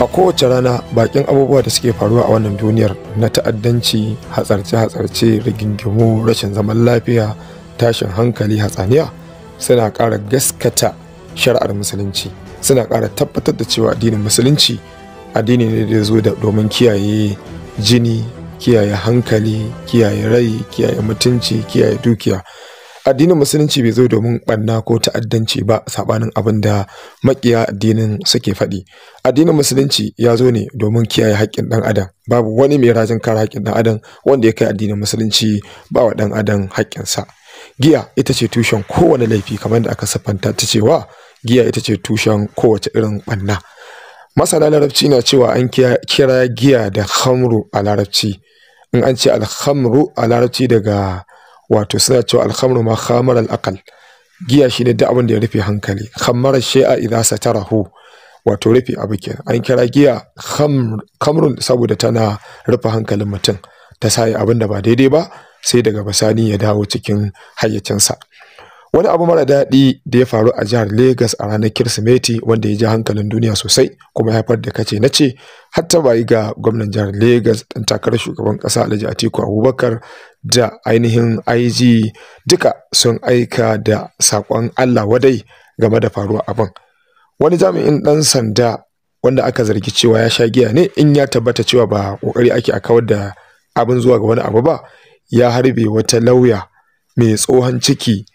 a kowace rana bakin abubuwa da suke faruwa a wannan duniyar na ta'addanci hatsarce-hatsarce rigingimu rashin zaman lafiya tashin hankali hatsaniya suna ƙara gaskata shari'ar musulunci suna ƙara tabbatar da cewa addinin musulunci addini ne da zo da domin kiyaye jini kiyaye hankali kiyaye rai kiyaye mutunci kiyaye dukiya addinin musulunci bai zo domin ɓanna ko ta'addanci ba saɓanin abin da makiya addinin suke faɗi addinin musulunci ya zo ne domin kiyaye haƙƙin ɗan adam babu wani mai rajin kare haƙƙin ɗan adam wanda ya kai addinin musulunci ba wa ɗan adam haƙƙinsa giya ita ce tushen kowane laifi kamar da aka siffanta ta cewa giya ita ce tushen kowace irin ɓanna masana larabci na cewa an kira giya da hamru a larabci in an ce alhamru a larabci daga wato suna cewa alhamru ma khamar al'akal giya shi ne duk abin da ya rufe hankali idan sa ta rahu, wato rufe abu ke an kira giya khamrun saboda tana rufe hankalin mutum ta sa abin da ba daidai ba sai daga basani ya dawo cikin hayyacinsa wani abu mara daɗi da ya faru a jihar Legas a ranar Kirsimeti wanda ya ji hankalin duniya sosai kuma ya haifar da kace na ce hatta bayi ga gwamnan jihar Legas ɗan takarar shugaban ƙasa Alhaji Atiku Abubakar da ainihin IG duka sun aika da saƙon Allah wadai game da faruwa abin wani jami'in ɗan sanda wanda aka zargi cewa ya sha giya ne in ya tabbata cewa ba ƙoƙari ake a kawar da abin zuwa ga wani abu ba ya harbe wata lauya mai tsohon ciki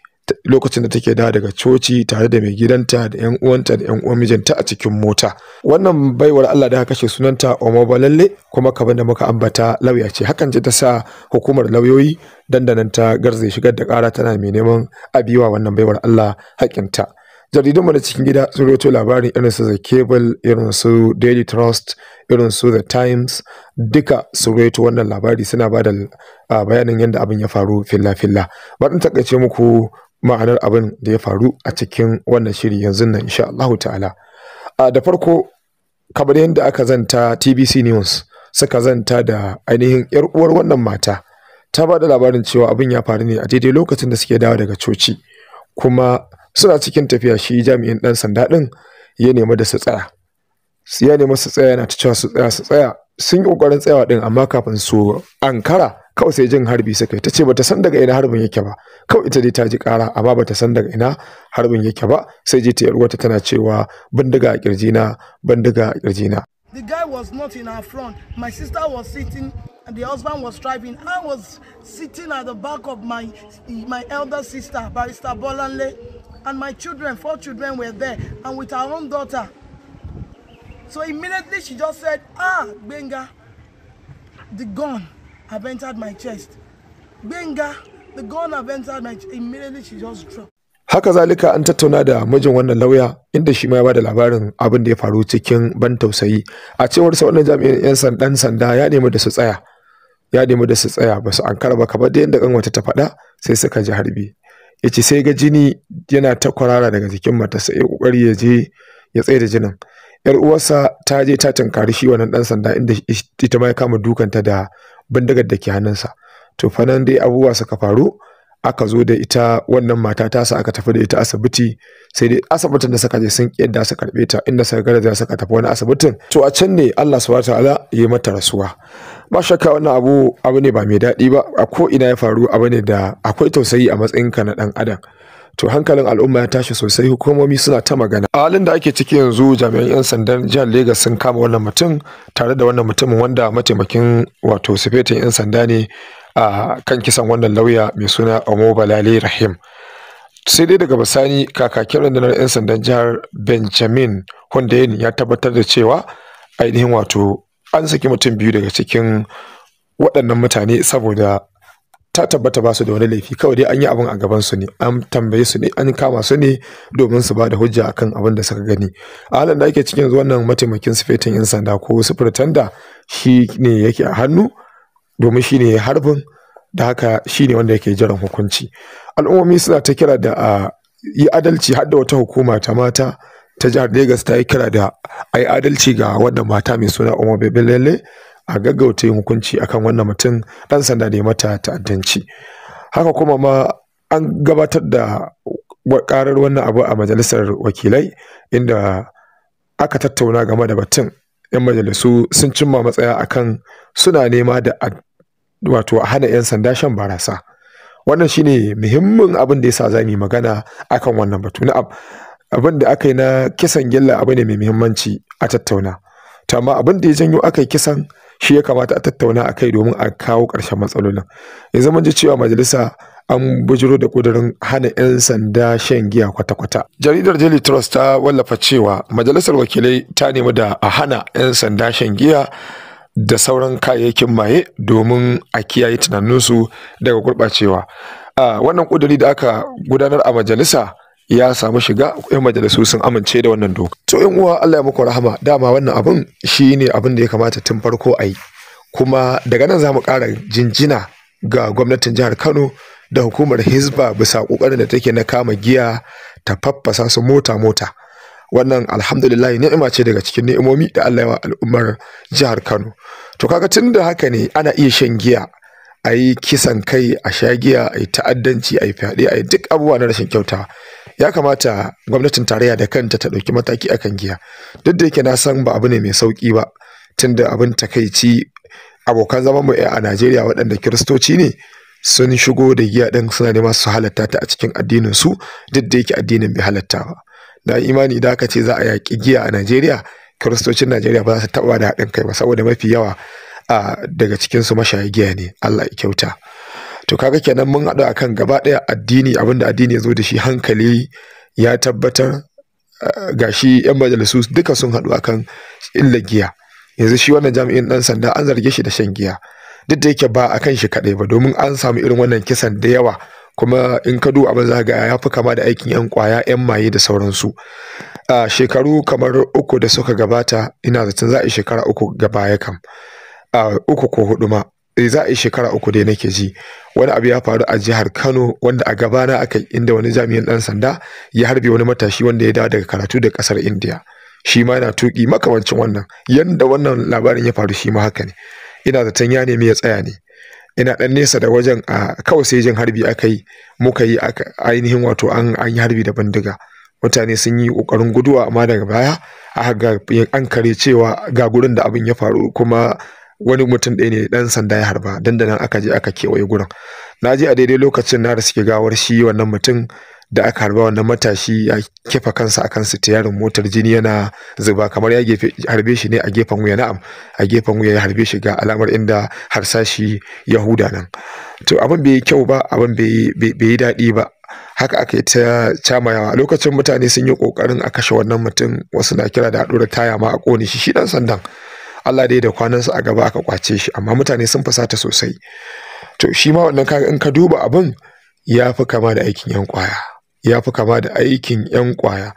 lokacin da take dawo daga coci tare da mai gidanta da yan uwanta da yan uwan mijinta a cikin mota wannan baiwar Allah da kashe sunanta balalle? kuma kaban da muka ambata lauya ce hakan ce ta sa hukumar lauyoyi dandanan ta garzai shigar da kara tana mai neman abiwa wannan baiwar Allah hakinta jaridunmu na cikin gida sun rawaito labarin irin su The Cable, irin su Daily Trust, irin su The Times, duka sun rawaito wannan labari suna ba da ah, bayanin yadda abin ya faru filla-filla. Baɗin takaice muku ma'anar abin da ya faru a cikin wannan shiri yanzu nan insha Allahu ta'ala ah, da farko kamar yadda aka zanta TBC News suka zanta da ainihin yar uwar wannan mata ta ba da labarin cewa abin ya faru ne a daidai lokacin da suke dawo daga coci kuma suna cikin tafiya shi jami'in dan sanda din ya nemi da su tsaya ya nemi su tsaya yana ta cewa su tsaya su tsaya sun yi kokarin tsayawa din amma kafin su ankara kawai sai jin harbi suka yi ta ce bata san daga ina harbin yake ba kawai ita dai ta ji kara amma bata san daga ina harbin yake ba sai je ta yarwata tana cewa bindiga a kirjina bindiga a kirjina The guy was not in our front. My sister was sitting and the husband was driving. I was sitting at the back of my my elder sister, Barrister Bolanle, and my children, four children were there, and with our own daughter. So immediately she just said, ah, gbenga the gun. have entered my chest. Benga, the gun have entered my chest. Immediately she just dropped. Haka zalika an tattauna da mijin wannan lauya inda shi ma ya bada labarin abin da ya faru cikin ban tausayi. A cewar sa wannan jami'in 'yan sandan sanda ya nemi da su tsaya. Ya nemi da su tsaya ba su ankara ba kamar da yadda kanwata ta faɗa sai suka ji harbi. Yace sai ga jini yana ta kwarara daga jikin matarsa ya kokari ya je ya tsaye da jinin. yar uwarsa ta je ta tunkari shi wannan dan sanda inda ita ma ya kama dukanta da bindigar da ke hannunsa to fa nan dai abubuwa suka faru aka zo da ita wannan mata sa aka tafi da ita asibiti sai dai asibitin da suka je sun yadda su karbe ta inda suka garaza suka tafi wani asibitin to a can ne Allah subhanahu wataala ya mata rasuwa ba shakka wannan abu abu ne ba mai daɗi ba a ko ina ya faru abu ne da akwai tausayi a matsayin ka na dan adam to hankalin al'umma ya tashi sosai hukumomi suna ta magana a halin da ake ciki yanzu jami'an 'yan sandan jihar Legas sun kama wannan mutum tare da wannan mutumin wanda mataimakin wato sufetin 'yan sanda ne a kan kisan wannan lauya mai suna Omo Balale Rahim sai dai daga bisani kakakin rundunar 'yan sandan jihar Benjamin hundayen ya tabbatar da cewa ainihin wato an saki mutum biyu daga cikin waɗannan mutane saboda ta tabbata ba su da wani laifi kawai dai an yi abin a gaban su ne an tambaye su ne an kama su ne domin su ba da hujja akan abin da suka gani a halin da ake cikin yanzu wannan mataimakin sufetin yan sanda ko sufurtanda shi ne yake a hannu domin shi ne harbin da haka shi ne wanda yake jiran hukunci al'ummomi suna ta kira da a yi adalci har da wata hukuma ta mata ta jihar Legas ta yi kira da ayi adalci ga wannan mata mai suna Umar Bebelele a gaggauta yin hukunci akan wannan mutum ɗan sanda da mata ta'addanci haka kuma ma an gabatar da karar wannan abu a majalisar wakilai inda aka tattauna game da batun 'yan majalisu sun cimma matsaya akan suna nema da wato a hana 'yan sanda shan barasa wannan shine muhimmin abin da yasa za mu magana akan wannan batu na abin da aka yi na kisan gilla abu ne mai muhimmanci a tattauna to amma abin da ya janyo aka yi kisan shi ya kamata a tattauna a kai domin a kawo ƙarshen matsalolin ya zama ji cewa majalisa an bujiro da ƙudurin hana 'yan sanda shan giya kwata-kwata jaridar daily trust ta wallafa cewa majalisar wakilai ta nemi da a hana 'yan sanda shan giya da sauran kayayyakin maye domin a kiyaye tunaninsu daga gurɓacewa wannan ƙuduri da aka gudanar a majalisa ya samu shiga yan majalisu sun amince da wannan doka to yan uwa Allah ya muku rahama dama wannan abun shi ne abin da ya kamata tun farko a yi kuma daga nan za mu ƙara jinjina ga gwamnatin jihar Kano da hukumar Hizba bisa ƙoƙarin da take na kama giya ta faffasa su mota mota wannan alhamdulillah ni'ima ce daga cikin ni'imomi da Allah ya wa al'ummar jihar Kano to kaga da haka ne ana iya shan giya a yi kisan kai a sha giya a yi ta'addanci a yi fyaɗe a yi duk abubuwa na rashin kyauta ya kamata gwamnatin tarayya da kanta ta ɗauki mataki akan giya duk da yake na san ba abu ne mai sauki ba tunda abin takaici abokan zaman mu a Najeriya waɗanda kiristoci ne sun shigo da giya ɗin suna nema su halatta ta a cikin addinin su duk da yake addinin bai halatta ba na imani da aka ce za a yaƙi giya a Najeriya kiristocin Najeriya ba za su taɓa da haɗin kai ba saboda mafi yawa daga cikin su mashaya giya ne Allah ya kyauta to kaga kenan mun haɗu akan gaba ɗaya addini abinda addini ya zo da shi hankali ya tabbatar eh, gashi yan majalisu duka sun haɗu akan illa giya yanzu shi wannan jami'in ɗan sanda an zarge shi da shan giya duk da yake ba a kan shi kaɗai ba domin an samu irin wannan kisan da yawa kuma in ka duba abin zaga yafi ya fi kama da aikin yan kwaya yan maye da sauransu a shekaru kamar uku da suka gabata ina zaton za a yi shekara uku gaba ya kam uku ko hudu ma eh za a yi shekara uku dai nake ji wani abu ya faru a jihar Kano wanda a gabana aka inda wani jami'in dan sanda ya harbe wani matashi wanda ya dawo daga karatu da kasar India shi ma yana tuki makamancin wannan yanda wannan labarin ya faru shi ma haka ne ina zaton ya nemi ya tsaya ne ina dan nesa da wajen a kawai sai jin harbi aka yi muka yi ainihin wato an an yi harbi da bindiga mutane sun yi kokarin guduwa amma daga baya a ga an kare cewa ga gurin da abin ya faru kuma wani mutum ɗaya ne ɗan sanda ya harba dandanan aka je aka kewaye gurin na je a daidai lokacin na da suke gawar shi wannan mutum da aka harba wannan matashi ya kefa kansa a kan sitiyarin motar jini yana zuba kamar ya harbe shi ne a gefen wuya na'am a gefen wuya ya harbe shi ga alamar inda harsashi yahuda nan to abin bai yi kyau ba abin bai yi daɗi ba haka aka yi ta camayawa lokacin mutane sun yi ƙoƙarin a kashe wannan mutum wasu na kira da haɗura taya ma a ƙone shi shi ɗan sandan Allah dai da kwanansa a gaba aka kwace shi amma mutane sun fusata sosai to shi ma wannan kaga in ka duba abin ya fi kama da aikin yan kwaya ya fi kama da aikin yan kwaya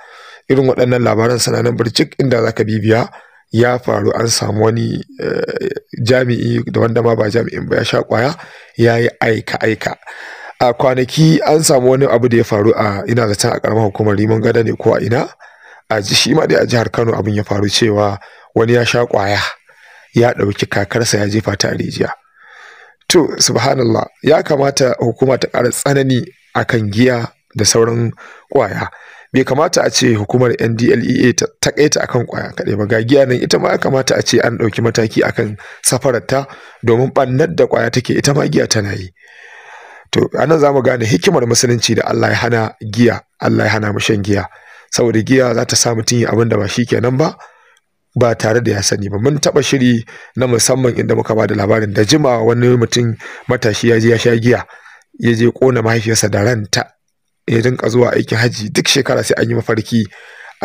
irin waɗannan labaran sananan bircik inda zaka bibiya ya faru an samu wani eh, jami'i da wanda ma ba jami'in ba ya sha kwaya ya yi aika aika a kwanaki an samu wani abu da ya faru a ina da can a karamar hukumar riman gada ne ko a ina a shi ma dai a jihar kano abin ya faru cewa wani ya sha kwaya ya ɗauki kakarsa ya jefa ta a rijiya to subhanallah ya kamata hukuma ta ƙara tsanani kan giya da sauran ƙwaya bai kamata a ce hukumar ndlea ta takaita akan kwaya kaɗai ba ga giya nan ita ma ya kamata a ce an ɗauki mataki akan safararta domin ɓannar da kwaya take ita ma giya tana yi to anan za mu gane hikimar musulunci da allah ya hana giya allah ya hana mu shan giya saboda giya za ta sa mutum yi abin da ba shi kenan ba ba tare da ya sani ba mun taba shiri na musamman inda muka ba da labarin da jima wani mutum matashi ya je ya sha giya ya je kona mahaifiyarsa da ranta ya dinka zuwa aikin haji duk shekara sai an yi mafarki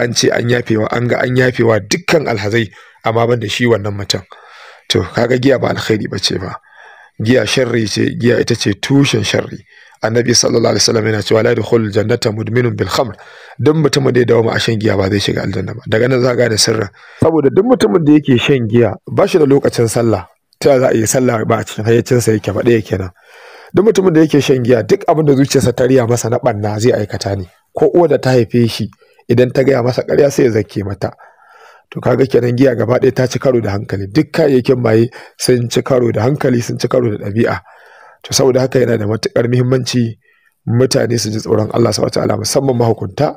an ce an yafewa an ga an yafewa dukkan alhazai amma ban da shi wannan mutum to kaga giya ba alkhairi ba ce ba giya sharri ce giya ita ce tushen sharri annabi sallallahu alaihi wasallam yana cewa la yadkhulul jannata mudminun bil khamr duk mutumin da ya dawo a shan giya ba zai shiga aljanna ba daga nan za gane sirrin saboda duk mutumin da yake shan giya ba shi da lokacin sallah ta za a yi sallah ba a cikin hayyacinsa yake ba yake kenan duk mutumin da yake shan giya duk abin da zuciyarsa ta riya masa na ɓanna zai aikata ne ko uwa da ta haife shi idan ta gaya masa ƙarya sai ya zakke mata to kaga kenan giya gaba ɗaya ta ci karo da hankali duk kayayyakin maye sun ci karo da hankali sun ci karo da ɗabi'a to saboda haka yana da matuƙar muhimmanci mutane su ji tsoron Allah subhanahu wataala musamman mahukunta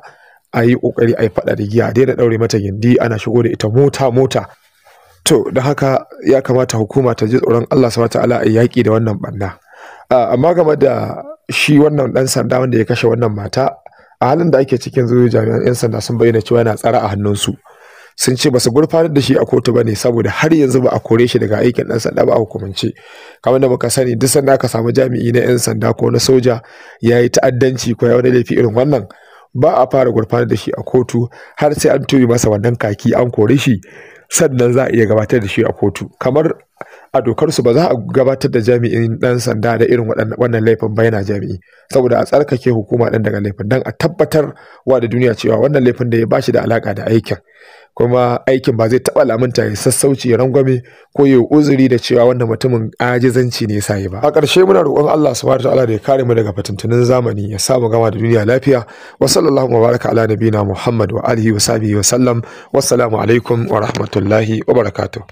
a yi ƙoƙari a yi faɗa da giya daina ɗaure mata gindi ana shigo da ita mota mota to don haka ya kamata hukuma ta ji tsoron Allah subhanahu wataala a yaƙi da wannan ɓanna amma game da shi wannan ɗan sanda wanda ya kashe wannan mata a halin da ake cikin zuwa jami'an 'yan sanda sun bayyana cewa yana tsara a hannunsu su sun ce basu gurfanar da shi a kotu ba ne saboda har yanzu ba a kore shi daga aikin ɗan sanda ba a hukumance kamar da muka sani duk sanda ka samu jami'i na 'yan sanda ko na soja ya yi ta'addanci ko ya wani laifi irin wannan ba a fara gurfanar da shi a kotu har sai an toyi masa wannan kaki an kore shi sannan za a iya gabatar da shi a kotu kamar a dokar su ba za a gabatar da jami'in dan sanda da irin wannan laifin ba yana jami'i saboda a tsarkake hukuma dan daga laifin dan a tabbatar wa da duniya cewa wannan laifin da ya bashi da alaka da aikin kuma aikin ba zai taba lamunta ya sassauci ya rangwame ko ya uzuri da cewa wannan mutumin ajizanci ne ya yi ba a ƙarshe muna roƙon Allah subhanahu ta'ala da ya kare mu daga fitintunin zamani ya samu gama da duniya lafiya wa sallallahu wa baraka ala nabina Muhammad wa alihi wa sahbihi wa sallam wassalamu alaikum wa rahmatullahi wa barakatuh